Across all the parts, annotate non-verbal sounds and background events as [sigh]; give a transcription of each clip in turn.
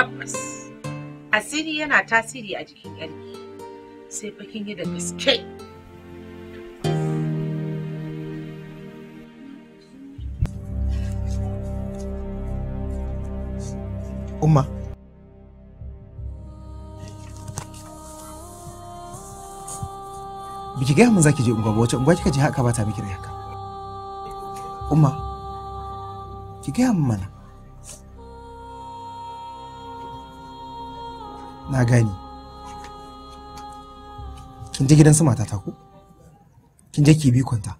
tabbas asiri yana tasiri a jikin yarki sai fakin yi da gaske umma biki gaya mun zaki je unguwa ba wace unguwa kika je haka ba ta miki da haka umma ki gaya mun mana na gane kin je gidan su matata ko kin je ki bi kwanta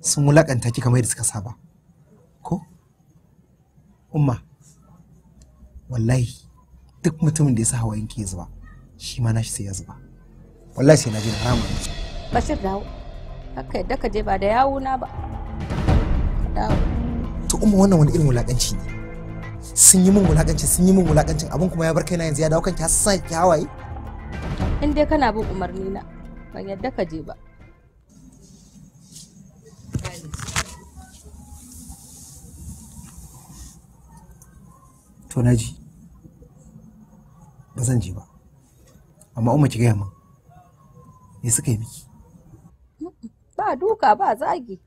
sun mulakanta ki kamar da suka saba ko umma wallahi duk mutumin da ya sa hawayen ki zuba shi ma nashi sai ya zuba wallahi sai na ji harama bashir dawo haka yadda ka je ba da yawo na ba dawo to umma wannan wani irin mulakanci ne sun yi min wulakanci sun yi min wulakancin abin kuma ya bar kaina yanzu ya dawo kanki har sa ki hawaye in dai kana bin umarni na ban yadda ka je ba to naji ba zan je ba amma umma ki gaya min me suka yi miki ba duka ba zagi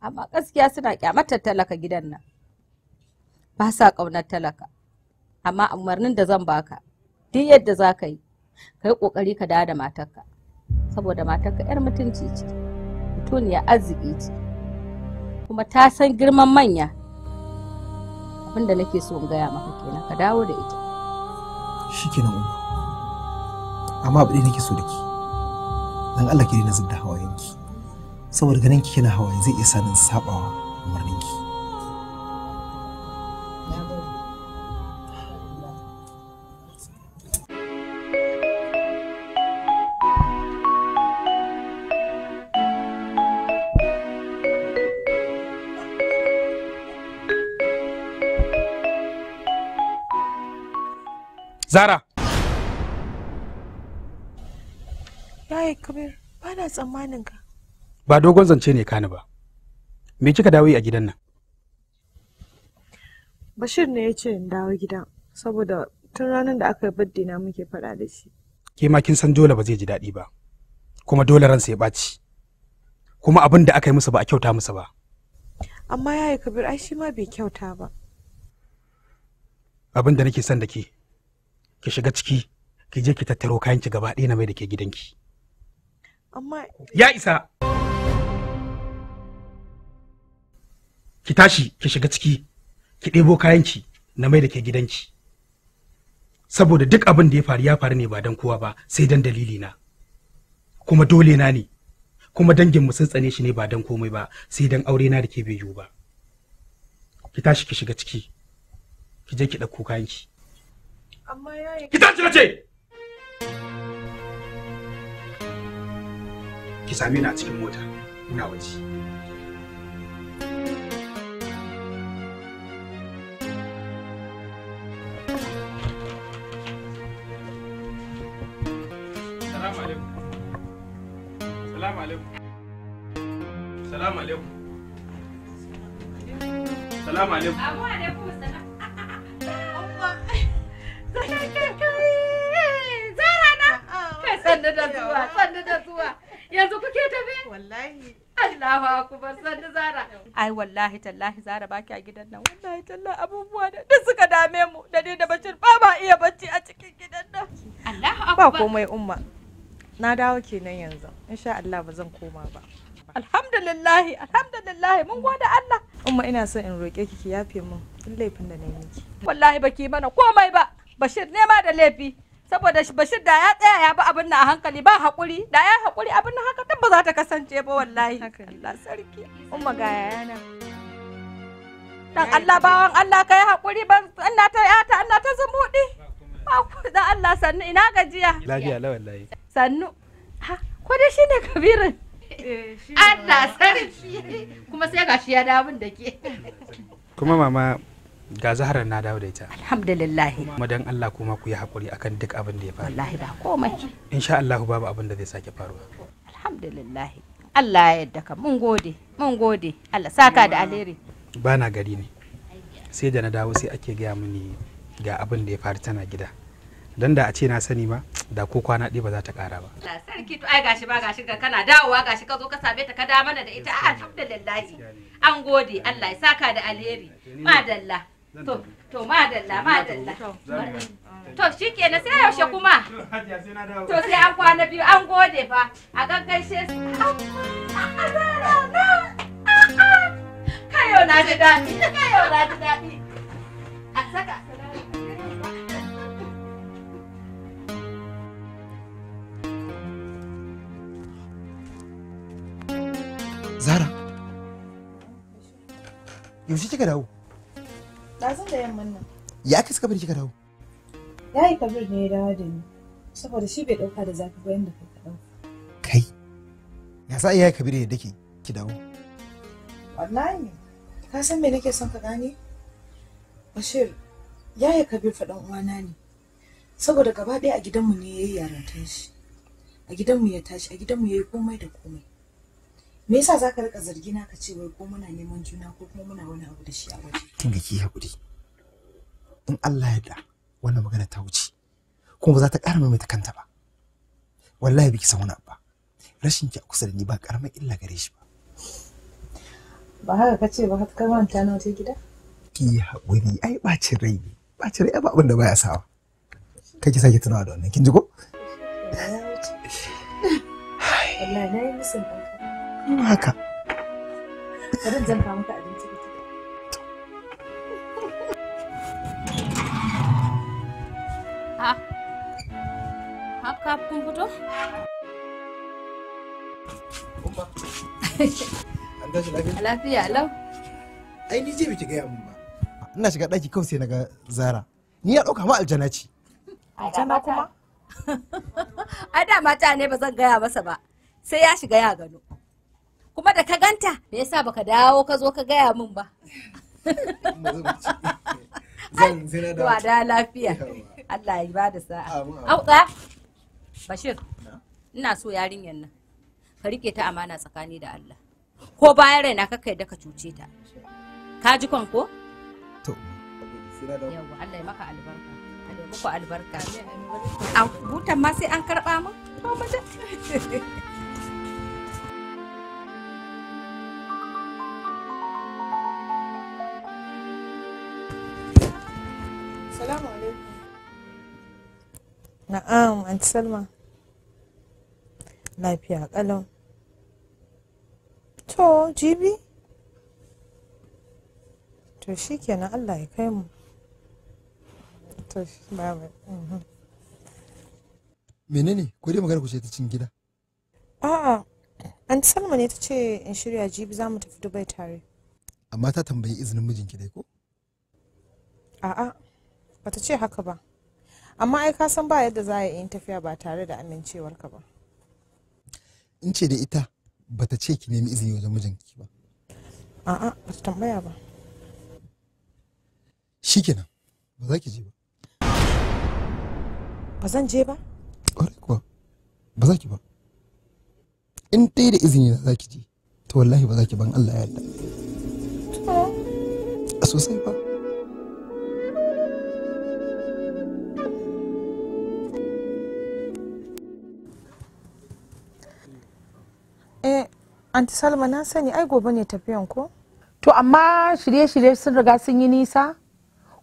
amma gaskiya suna kyamatar talaka gidan nan ba sa ƙaunar talaka amma umarnin da zan baka duk yadda za ka yi ka yi ƙoƙari ka dawo da matarka saboda matarka 'yar mutunci ce mutuniya arziki ce kuma ta san girman manya abinda nake so in gaya maka kenan ka dawo da ita shi kenan umma amma abu ɗaya nake so da ke dan Allah ki daina zub da hawayenki saboda ganin ki kina hawaye zai iya sanin sabawa Zara. Yaya Kabir, ba na tsammanin ka. Ba dogon zance ne kani ba. Me kika dawo a gidan nan? Bashir ne ya ce in dawo gidan saboda tun ranar da aka yi na muke faɗa da shi. Ke ma kin san dole ba zai ji daɗi ba. Kuma dole ransa ya ɓaci. Kuma abin da aka yi musu ba a kyauta musu ba. Amma yaya Kabir ai shi ma bai kyauta ba. Abin da nake son da ke ki shiga ciki ki je ki tattaro kayan ki gaba ɗaya na mai da ke gidanki amma ya isa ki tashi ki shiga ciki ki ɗebo kayan ki na mai da ke gidanki saboda duk abin da ya faru ya faru ne ba don kowa ba sai dan dalili na kuma dole na ne kuma dangin mu sun tsane shi ne ba don komai ba sai dan aure na da ke bai yiwu ba ki tashi ki shiga ciki ki je ki ɗauko kayan ki. Amma yayi. Ki tashi ce. Ki same ni a cikin mota. Muna waje. salam alaikum. alaikum. alaikum. alaikum. alaikum salam. sannu da zuwa. Yanzu kuke Wallahi. Zara. Ai wallahi tallahi Zara baki a gidan nan. Wallahi tallahi abubuwa da duk suka dame mu da ni da Bashir ba iya bacci a cikin gidan nan. Allahu Ba komai umma. Na dawo kenan yanzu. Insha Allah ba zan koma ba. Alhamdulillahi, alhamdulillahi mun gode Allah. Umma ina son in roke ki ki yafe min duk laifin da na yi miki. Wallahi baki mana komai ba. Bashir nema da laifi. saboda bashir da ya tsaya ya bi abin na hankali ba haƙuri da ya haƙuri abin na haka tabba za ta kasance ba wallahi Allah sarki umma ga yana dan Allah bawan Allah kai haƙuri ban ina ta ya ta ina ta zumuɗi ba ku da Allah sannu ina gajiya lafiya la wallahi sannu ha ko da shine kabirin eh, Allah sarki kuma sai gashi ya dabun da ke kuma mama ga zaharar na dawo da ita alhamdulillah kuma dan Allah kuma ku yi hakuri akan duk abin da ya faru wallahi ba komai insha Allah babu abin da zai sake faruwa alhamdulillah Allah ya yarda ka mun gode mun gode Allah saka da alheri ba na gari ne sai da na dawo sai ake gaya mini ga abin da ya faru tana gida dan da a ce na sani ma da ko kwana ɗaya ba za ta ƙara ba. sarki to ai gashi ba gashi ga kana dawowa gashi ka zo ka same ta ka da mana da ita alhamdulillah an gode Allah ya saka da alheri madalla To, to madalla, madalla. To shi kenan sai yaushe kuma. To sai an kwana biyu an gode fa a gaggaishe su. Kayo na ji daɗi, kayo na ji daɗi. A saka. Zara, yaushe kika dawo? ɗazun da yamman nan ya kai suka bari kika dawo ya yi kabir ne ya dawo da ni saboda shi bai ɗauka da zafi ba yadda kai ka dawo. kai ya sa iya kabir ya dake ki dawo wallahi ka san me nake son ka gane bashir ya yi kabir faɗan uwana ne saboda gaba ɗaya a gidanmu ne ya yi yarantar shi a gidanmu ya tashi a gidanmu ya yi komai da komai me yasa zaka rika zargi na ka ce wai ko muna neman juna ko kuma muna wani abu da shi a waje kin ki hakuri in Allah ya da wannan magana ta wuce kuma ba za ta ƙara maimaita kanta ba wallahi biki san wani abu ba rashin ki a kusa da ni ba karamar illa gare shi ba ba haka kace ba ka manta na wata gida ki hakuri ai bacin rai ne bacin rai ba abin da baya sawa kai ki sake tunawa da wannan kin ji ko wallahi na yi musun haka ha ka kun fito [laughs] an tashi lafiya lafiya lau ai ni je biki gaya mun ina shiga daki kawai sai naga zara ni ya da mata [laughs] ne ba zan gaya masa ba sai ya shiga ya gano kuma da ka ganta me yasa baka dawo ka zo ka gaya min ba zan zira da wada lafiya Allah ya bada sa'a au Bashir ina so yarinyar nan ka rike ta amana tsakani da Allah ko bayan raina ka kai da ka cuce ta ka ji kon ko to yawa Allah ya maka albarka Allah ya muku albarka a butan ma sai an karba mu [laughs] Salamu alaikum. Na'am, Aunty Salma. Lafiya ƙalau. To, jibi? To shi kenan Allah ya kai mu. To shi babu. Mhm. Menene? Ko dai magana ku ce ta cin gida? A'a, Aunty Salma ne ta ce in shirya jibi za mu tafi Dubai tare. Amma ta tambayi izinin mijinki dai ko? A'a, bata ce haka ba amma ai ka san ba yadda za a yi tafiya ba tare da amincewarka ba in ce da ita bata ce ki nemi izini wajen mijinki ba a'a ba ta tambaya ba shikenan ba za ki je ba ba zan je ba ƙwarai kuwa ba za ki ba in dai da izini na za ki je to wallahi ba za ki ban Allah ya yarda sosai ba anti salma na sani ai gobe ne tafiyan ko to amma shirye-shirye sun riga sun yi nisa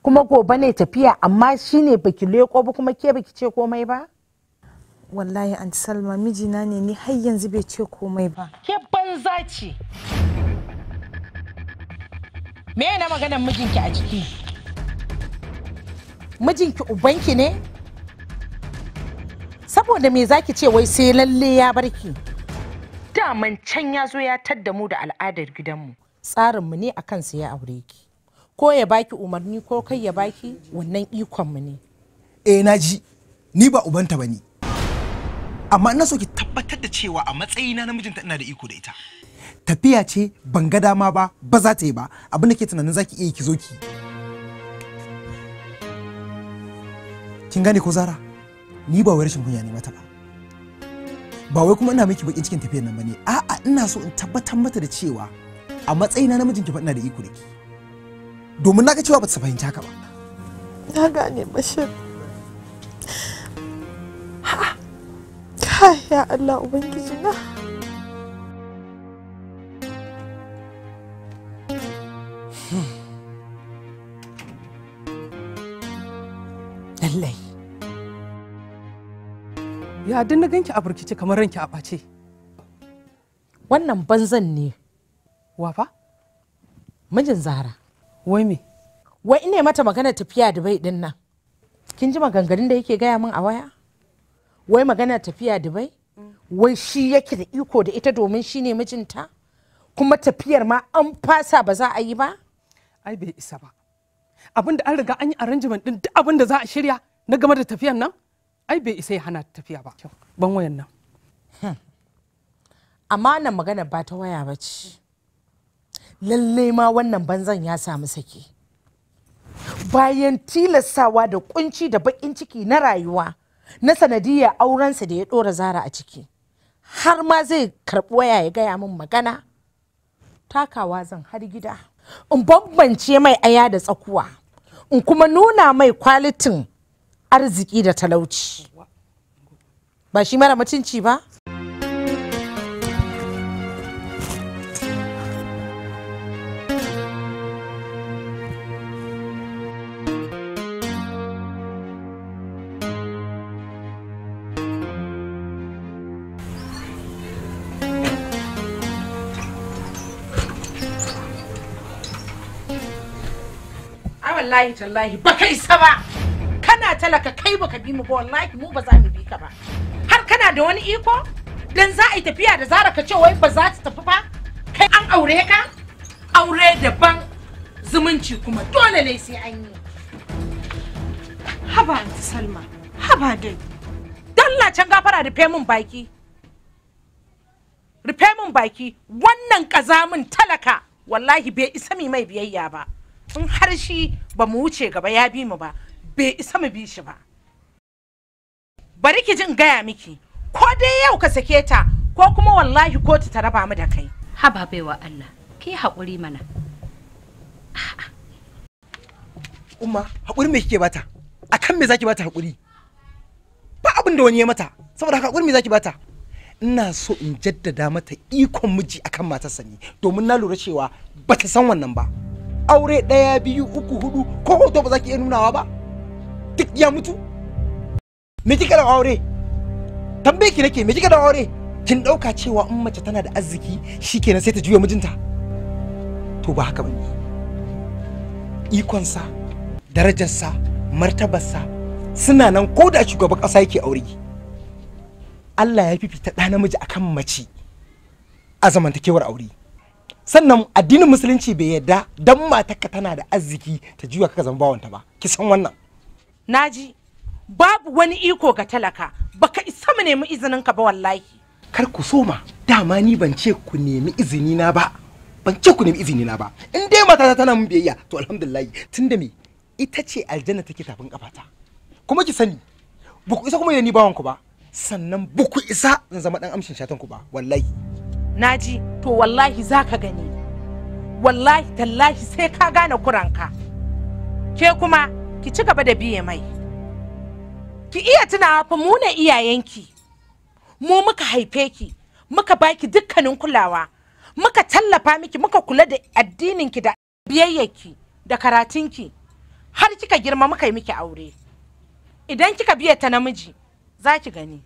kuma gobe ne tafiya amma shine baki leko ba kuma ke baki ce komai ba wallahi anti salma mijina ne ni har yanzu bai ce komai ba ke banza ce me na maganar mijinki a ciki mijinki ubanki ne saboda me zaki ce wai sai lalle ya barki daman can ya zo ya tadda mu da al'adar gidanmu tsarinmu ne akan su ya aure ki ko ya baki umarni ko kai ya baki wannan ikonmu ne eh na ji ni ba ubanta ba ne amma ina so ki tabbatar da cewa a matsayina na mijinta ina da iko da ita tafiya ce ban ga dama ba ba za ta yi ba abin da ke tunanin zaki iya ki zo ki kin gane ko zara ni ba wai rashin kunya ne mata ba ba wai kuma ina miki bakin cikin tafiyar nan bane a'a ina so in tabbatar mata da cewa a na namijin ki fa ina da iko da ki domin naga cewa ba ta fahimta ka ba na gane bashir ha ya Allah ubangiji na ya din na ganki a burkice kamar ranki a face wannan banzan ne wa fa mijin zara wai me wai ine mata magana tafiya da bai din nan kin ji maganganun da yake gaya min a waya wai magana tafiya da bai wai shi yake da iko da ita domin shine mijinta kuma tafiyar ma an fasa ba za a yi ba ai bai isa ba abin da an riga an yi arrangement din duk abin da za a shirya na game da tafiyar nan ai bai isa ya hana tafiya ba ban wayan nan hmm. amma nan magana ba ta waya ba ce lallai ma wannan banzan ya samu sake bayan tilastawa da kunci da bakin ciki na rayuwa na sanadiyar aurensa da ya dora zara a ciki har ma zai karbi waya ya gaya min magana takawa zan har gida in bambance mai aya da tsakuwa in kuma nuna mai kwalitin arziki da talauci ba shi mara mutunci ba wallahi tallahi ba kai sa ba muna talaka kai baka bi mu ba wallahi mu ba za mu bi ka ba har kana da wani iko dan za a yi tafiya da zara ka ce wai ba za ta tafi ba kai an aure ka aure daban zumunci kuma dole ne sai an yi haba anti salma haba dai dalla can gafara rufe min baki rufe min baki wannan kazamin talaka wallahi bai isa mai biyayya ba in har shi ba mu wuce gaba ya bi mu ba bai isa mu bi shi ba bari ki jin gaya miki ko dai yau ka sake ta ko kuma wallahi kotu ta raba mu da kai haba baiwa Allah ki haƙuri mana umma haƙuri me kike bata akan me zaki bata haƙuri ba abin da wani ya mata saboda haka haƙuri me zaki bata ina so in jaddada mata ikon miji akan matarsa ne domin na lura cewa bata san wannan ba aure ɗaya biyu uku hudu ko hoto ba za ki iya nunawa ba duk ya mutu me kika da aure tambaye ki nake me kika da aure kin dauka cewa in mace tana da arziki shikenan sai ta juya mijinta to ba haka bane ikonsa darajarsa martabarsa suna nan ko da shugaban ƙasa yake aure Allah ya fifita ɗa namiji akan mace a zamantakewar aure sannan addinin musulunci bai yarda dan matarka tana da arziki ta juya kaka zama bawanta ba ki san wannan naji babu wani iko ga talaka baka isa mu nemi izinin ka ba wallahi kar ku soma dama ni ban ce ku nemi izini na ba ban ce ku nemi izini na ba in dai mata ta tana mun biyayya to alhamdulillah tunda me ita ce aljanna take tafin kafata kuma ki sani ba ku isa kuma ni bawan ku ba sannan ba ku isa zan zama dan amshin shatan ku ba wallahi naji to wallahi zaka gani wallahi tallahi sai ka gane kuranka ke kuma ki ci gaba da biye mai ki iya tunawa fa mu ne iyayenki mu muka haife ki muka baki dukkanin kulawa muka tallafa miki muka kula da addininki da biyayyarki da karatunki har kika girma muka yi miki aure idan kika biya ta namiji za ki gani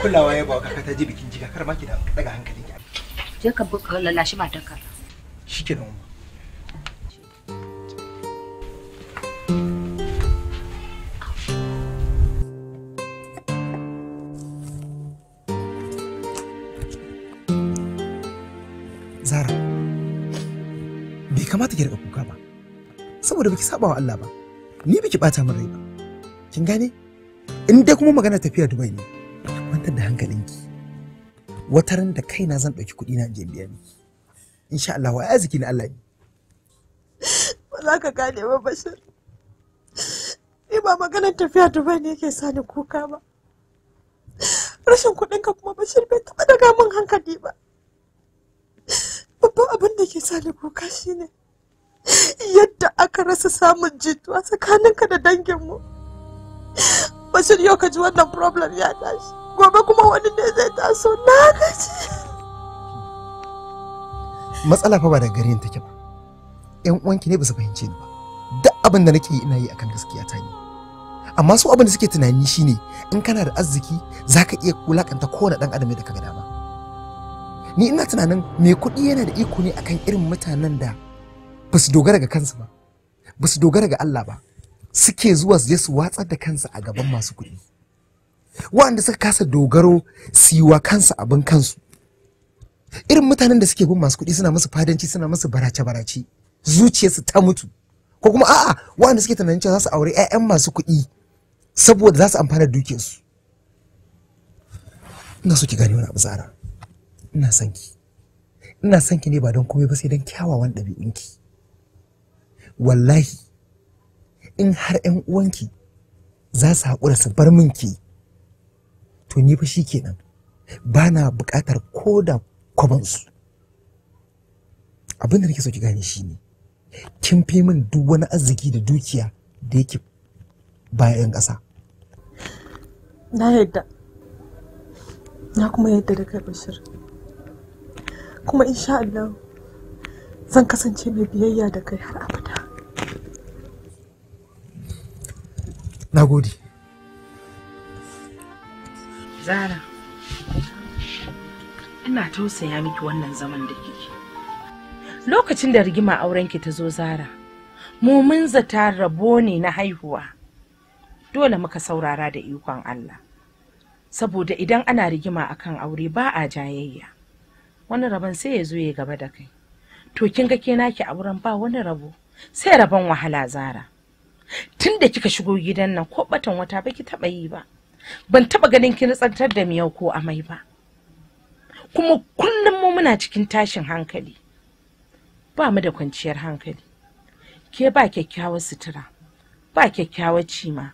kulawa ya ba ka ta ji bikin shiga kar ma ki da daga hankalin ki je ka buka lalashi matarka shikenan umma Zara, bai kamata ki riƙa kuka ba, saboda biki saba wa Allah ba, ni biki bata min rai ba. Kin gane? In dai kuma magana tafiya Dubai ne, ki kwantar da hankalinki. wata ran da kaina zan ɗauki kuɗi na je biya miki insha Allah wa arziki na Allah ne ba za ka gane ba bashir ni ba maganar tafiya Dubai ne yake sa kuka ba rashin kuɗin ka kuma bashir bai taɓa daga min hankali ba babban abin da ke sani ni kuka shine yadda aka rasa samun jituwa tsakaninka da danginmu bashir yau ka ji wannan problem ya tashi gobe kuma wani ne zai taso na gaji matsala fa ba da garin take ba yan uwanki ne ba su fahimce ni ba duk abin da nake yi ina yi akan gaskiya ta ne amma su abin da suke tunani shine in kana da arziki zaka iya wulakanta kowane dan adam da kaga dama ni ina tunanin mai kuɗi yana da iko ne akan irin mutanen da ba su dogara ga kansu ba ba su dogara ga Allah ba suke zuwa su je su watsar da kansu a gaban masu kuɗi waɗanda suka kasa dogaro su yi wa kansu abin kansu irin mutanen da suke bin masu kuɗi suna masu fadanci suna musu barace-barace zuciyarsu ta mutu ko kuma a'a wanda suke tunanin cewa za su aure 'ya'yan masu kuɗi saboda za su amfana dukiyarsu ina so ki gane wani abu zara ina son ki ina son ki ne ba don komai ba sai don kyawawan ɗabi'un ki wallahi in har 'yan uwanki za su haƙura su bar min ki to ni fa shikenan ba na buƙatar ko da su. abin da nake so ki gane shi ne kin fi min duk wani arziki da dukiya da yake bayan ƙasa na yadda na kuma yadda da kai bashir kuma insha Allah zan kasance mai biyayya da kai har abada na gode Zara, ina tausaya miki wannan zaman da kike. Lokacin da rigima aurenki ta zo Zara, mu mun zata rabo ne na haihuwa. Dole muka saurara da ikon Allah. Saboda idan ana rigima akan aure ba a jayayya. Wani rabon sai ya zo ya gaba da kai. To kin ga ke naki auren ba wani rabo. Sai rabon wahala Zara. Tun kika shigo gidan nan ko batan wata baki taɓa yi ba. ban taba ganin ki nutsantar da miyau ko amai ba kuma kullum mu muna cikin tashin hankali ba mu da kwanciyar hankali ke ba kyakkyawar sutura ba kyakkyawar cima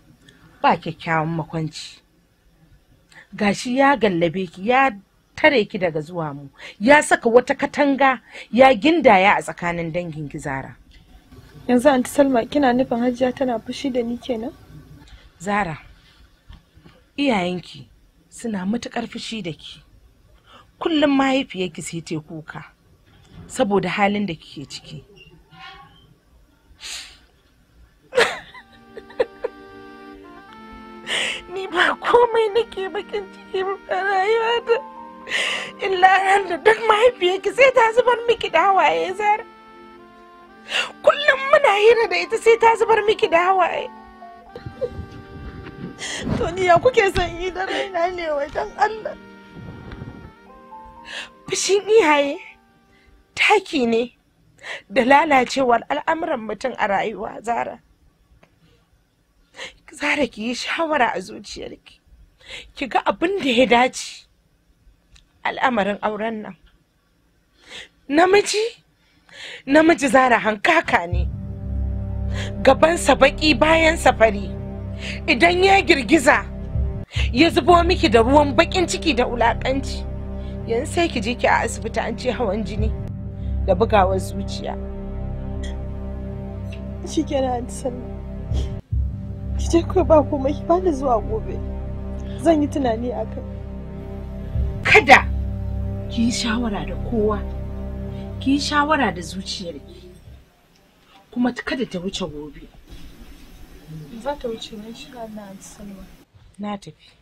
ba kyakkyawan makwanci gashi ya gallabe ki ya tare ki daga zuwa mu ya saka wata katanga ya gindaya a tsakanin dangin gizara yanzu anti salma kina nufin hajiya tana fushi da ni kenan zara iyayenki suna matuƙar fushi da ke kullum mahaifiyarki sai ta kuka saboda halin da kike ciki [laughs] ni ba komai nake bakin ciki a rayuwa da illa ran da duk mahaifiyarki sai ta zubar miki da hawaye zara kullum muna hira da ita sai ta zubar miki da hawaye to ya kuke son yi da raina ne wajen Allah fushi iyaye taki ne da lalacewar al'amuran mutum a rayuwa zara zara ki yi shawara a zuciyarki ki ga abin da ya dace al'amarin auren nan namiji namiji zara hankaka ne gabansa baki bayan safari idan ya girgiza ya zubo miki da ruwan bakin ciki da wulakanci yanzu sai ki je ki a asibiti an ce hawan jini da bugawar zuciya shi ke kenan ki je kawai ba komai ki bani zuwa gobe zan yi tunani a kai kada ki yi shawara da kowa ki yi shawara da zuciyarki kuma kada ta wuce gobe za ta wuce ne shi Allah salma na tafi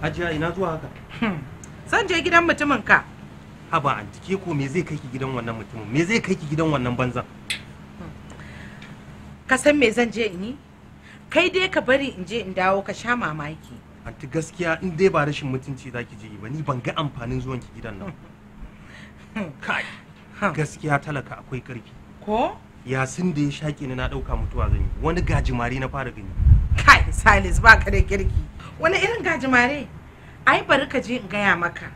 Hajiya ina zuwa haka? Hmm. Zan je gidan mutumin ka. Haba anti ke ko me zai kai ki gidan wannan mutumin? Me zai kai ki gidan wannan banzan? Hmm. Ka san me zan je in yi? Kai dai ka bari in je in dawo ka sha mamaki. anti gaskiya in dai ba rashin mutunci za ki je ba ni ban ga amfanin zuwan ki gidan nan [laughs] kai gaskiya talaka akwai karfi ko sun da ya shaƙe ni na ɗauka mutuwa zan yi wani gajimare na fara gani kai salis ba ka da kirki wani irin gajimare ai bari ka je in gaya maka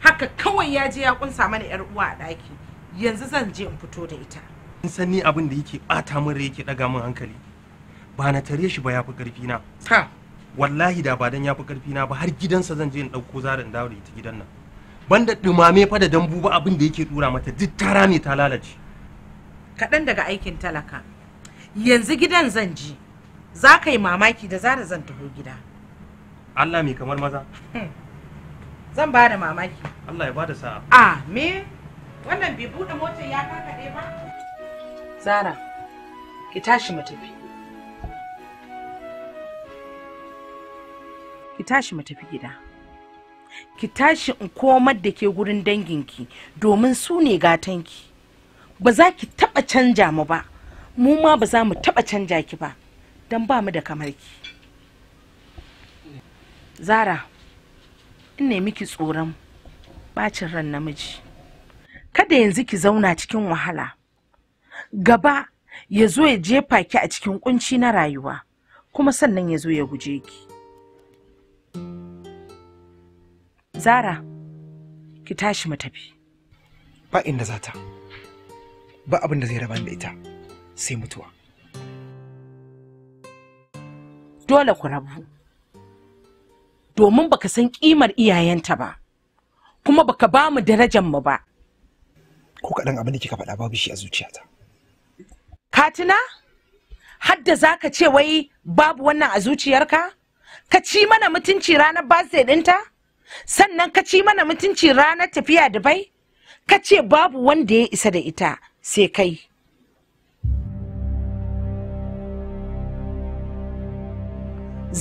haka kawai ya je ya kunsa mana yar uwa a ɗaki yanzu zan je in fito da ita in san ni abin da yake ɓata min rai yake ɗaga min hankali ba na tare shi ba ya fi ƙarfi na wallahi da ba dan ya fi karfi na ba har gidansa zan je in dauko zara in dawo da ita gidan nan banda dumame fa da dambu ba abin da yake dura mata duk tara ne ta lalace kaɗan daga aikin talaka yanzu gidan zan je za ka yi mamaki da zara zan taho gida Allah mai kamar maza hmm. zan ba da mamaki Allah ya ba da sa'a a me wannan bai bude motar ya kakaɗe ba zara ki tashi mu tafi ki tashi mu tafi gida ki tashi in komar da ke gurin danginki domin su ne gatanki ba za ki taba canja mu ba mu ma ba za mu taba canja ki ba don ba mu da kamar ki zara in ne miki tsoron bacin ran namiji kada yanzu ki zauna cikin wahala gaba ya zo ya jefa ki a cikin kunci na rayuwa kuma sannan ya zo ya guje ki Zara, ki tashi mu tafi. Ba inda za ta, ba abin da zai raba da ita sai mutuwa. Dole ku rabu, domin baka san ƙimar iyayenta ba, kuma baka ba mu mu ba. Ko kaɗan abin da kika faɗa babu shi a zuciyata. Katina, hadda za ka ce wai babu wannan a zuciyarka? Ka ci mana mutunci ranar birthday ɗinta? sannan ka ci mana mutunci ranar tafiya da bai? ka ce babu wanda ya isa da ita sai kai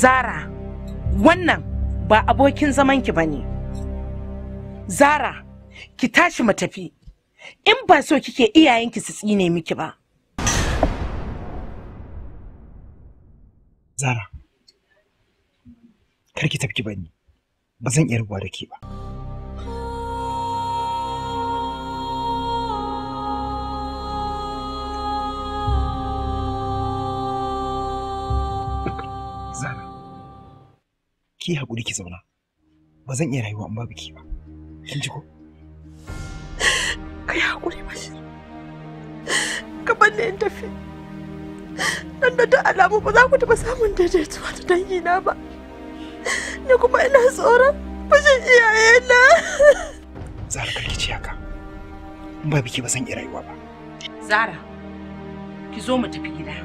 zara wannan ba abokin zamanki ba ne zara ki tashi mu in ba so kike iyayenki su tsine miki ba zara kar ki tafki bani ba zan iya rabuwa da ke ba. Zara, ki haƙuri ki zauna, ba zan iya rayuwa in babu ki ba. Kin ji ko? Ka yi haƙuri Bashir, ka balle in tafi. Nan da ta alamu ba za ku taɓa samun daidaituwa da dangina ba. ni kuma ina tsoron fashin iyaye na zara karki ci haka in ba biki ba san iya rayuwa ba zara ki zo mu tafi gida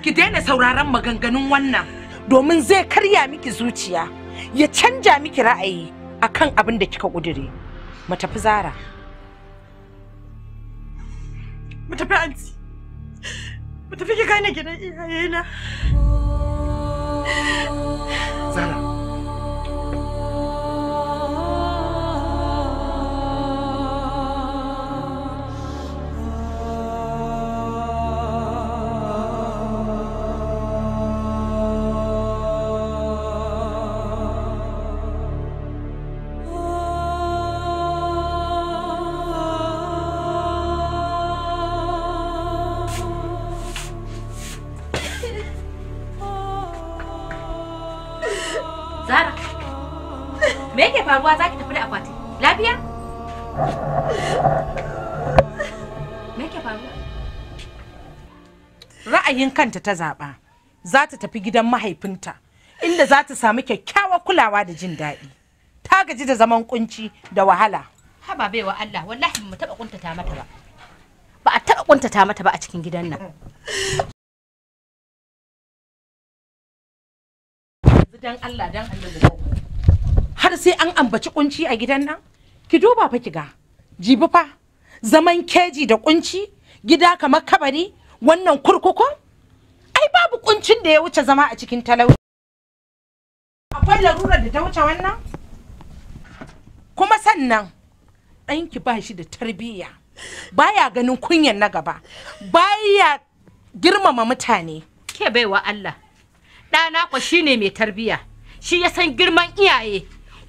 ki daina sauraron maganganun wannan domin zai karya miki zuciya ya canja miki ra'ayi akan abin da kika kudure mu tafi zara mu tafi anti mu tafi ki gane gidan iyayena zara rabuwa za ki tafi da akwati lafiya me ke faru ra'ayin kanta ta zaɓa za ta tafi gidan mahaifinta inda za ta samu kyakkyawar kulawa da jin daɗi ta gaji da zaman kunci da wahala haba baiwa Allah wallahi mu taɓa kuntata mata ba ba a taɓa kuntata mata ba a cikin gidan nan dan Allah dan Allah har sai an ambaci kunci a gidan nan ki duba fa ki ga jibi fa zaman keji da kunci gida kamar kabari wannan kurkukun ai babu kuncin da ya wuce zama a cikin talauci akwai larurar da ta wuce wannan kuma sannan ɗanki ba shi da tarbiyya baya ganin kunyan na gaba baya girmama mutane ke baiwa Allah ɗana kwa shine mai tarbiyya shi ya san girman iyaye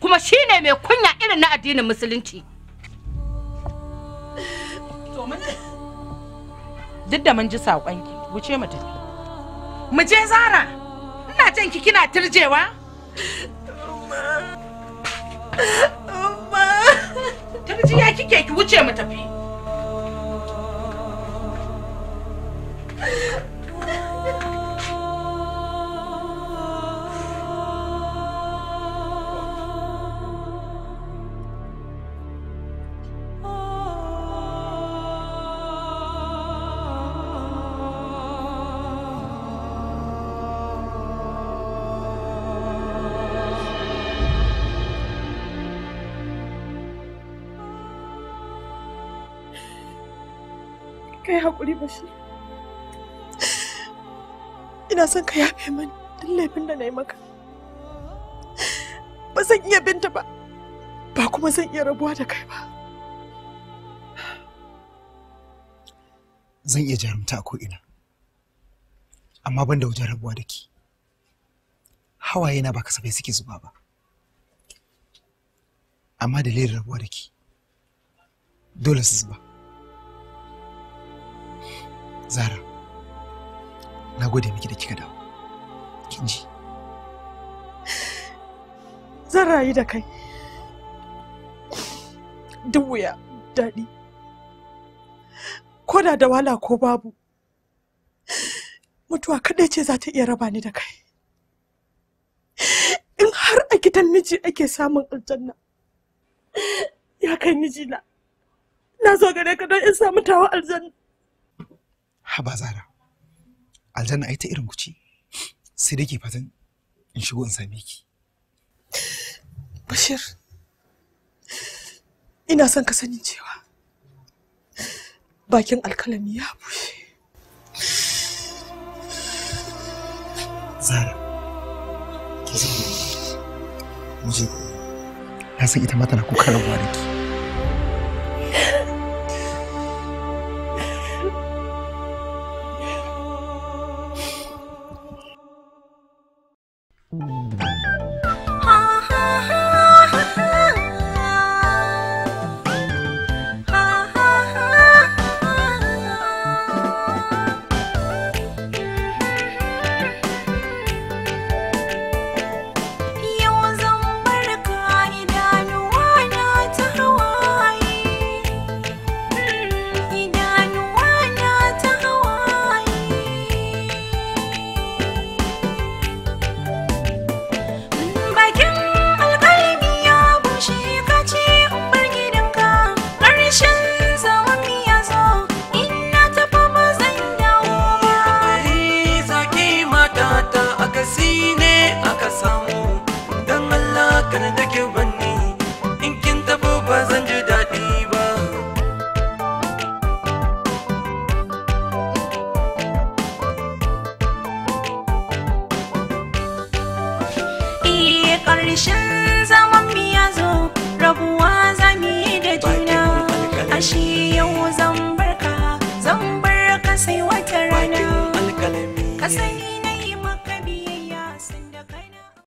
kuma shine mai kunya irin na addinin musulunci duk da mun ji saƙonki wuce mu tafi mu je zara ina jan ki kina turjewa Tirjiya kike ki wuce mu tafi ina son ka yafe mani duk laifin da na yi maka ba zan iya binta ba ba kuma zan iya rabuwa da kai ba zan iya jarumta a ko'ina amma ban da wajen rabuwa da ke hawaye na ba kasafai suke zuba ba amma dalilin rabuwa da ke dole su zuba zara na gode miki da kika dawo kin ji zan rayu da kai duk wuya daɗi ko da da wala ko babu mutuwa kaɗai ce za ta iya raba ni da kai in har a gidan miji ake samun aljanna ya kai mijina na zo gare ka don in samu tawa aljanna haba zara aljanna ai ta irin ku ce sai dake fatan in shigo in same ki bashir ina son ka sanin cewa bakin alkalami ya bushe zara ki zo mu je na san ita ma tana kuka rabuwa da ki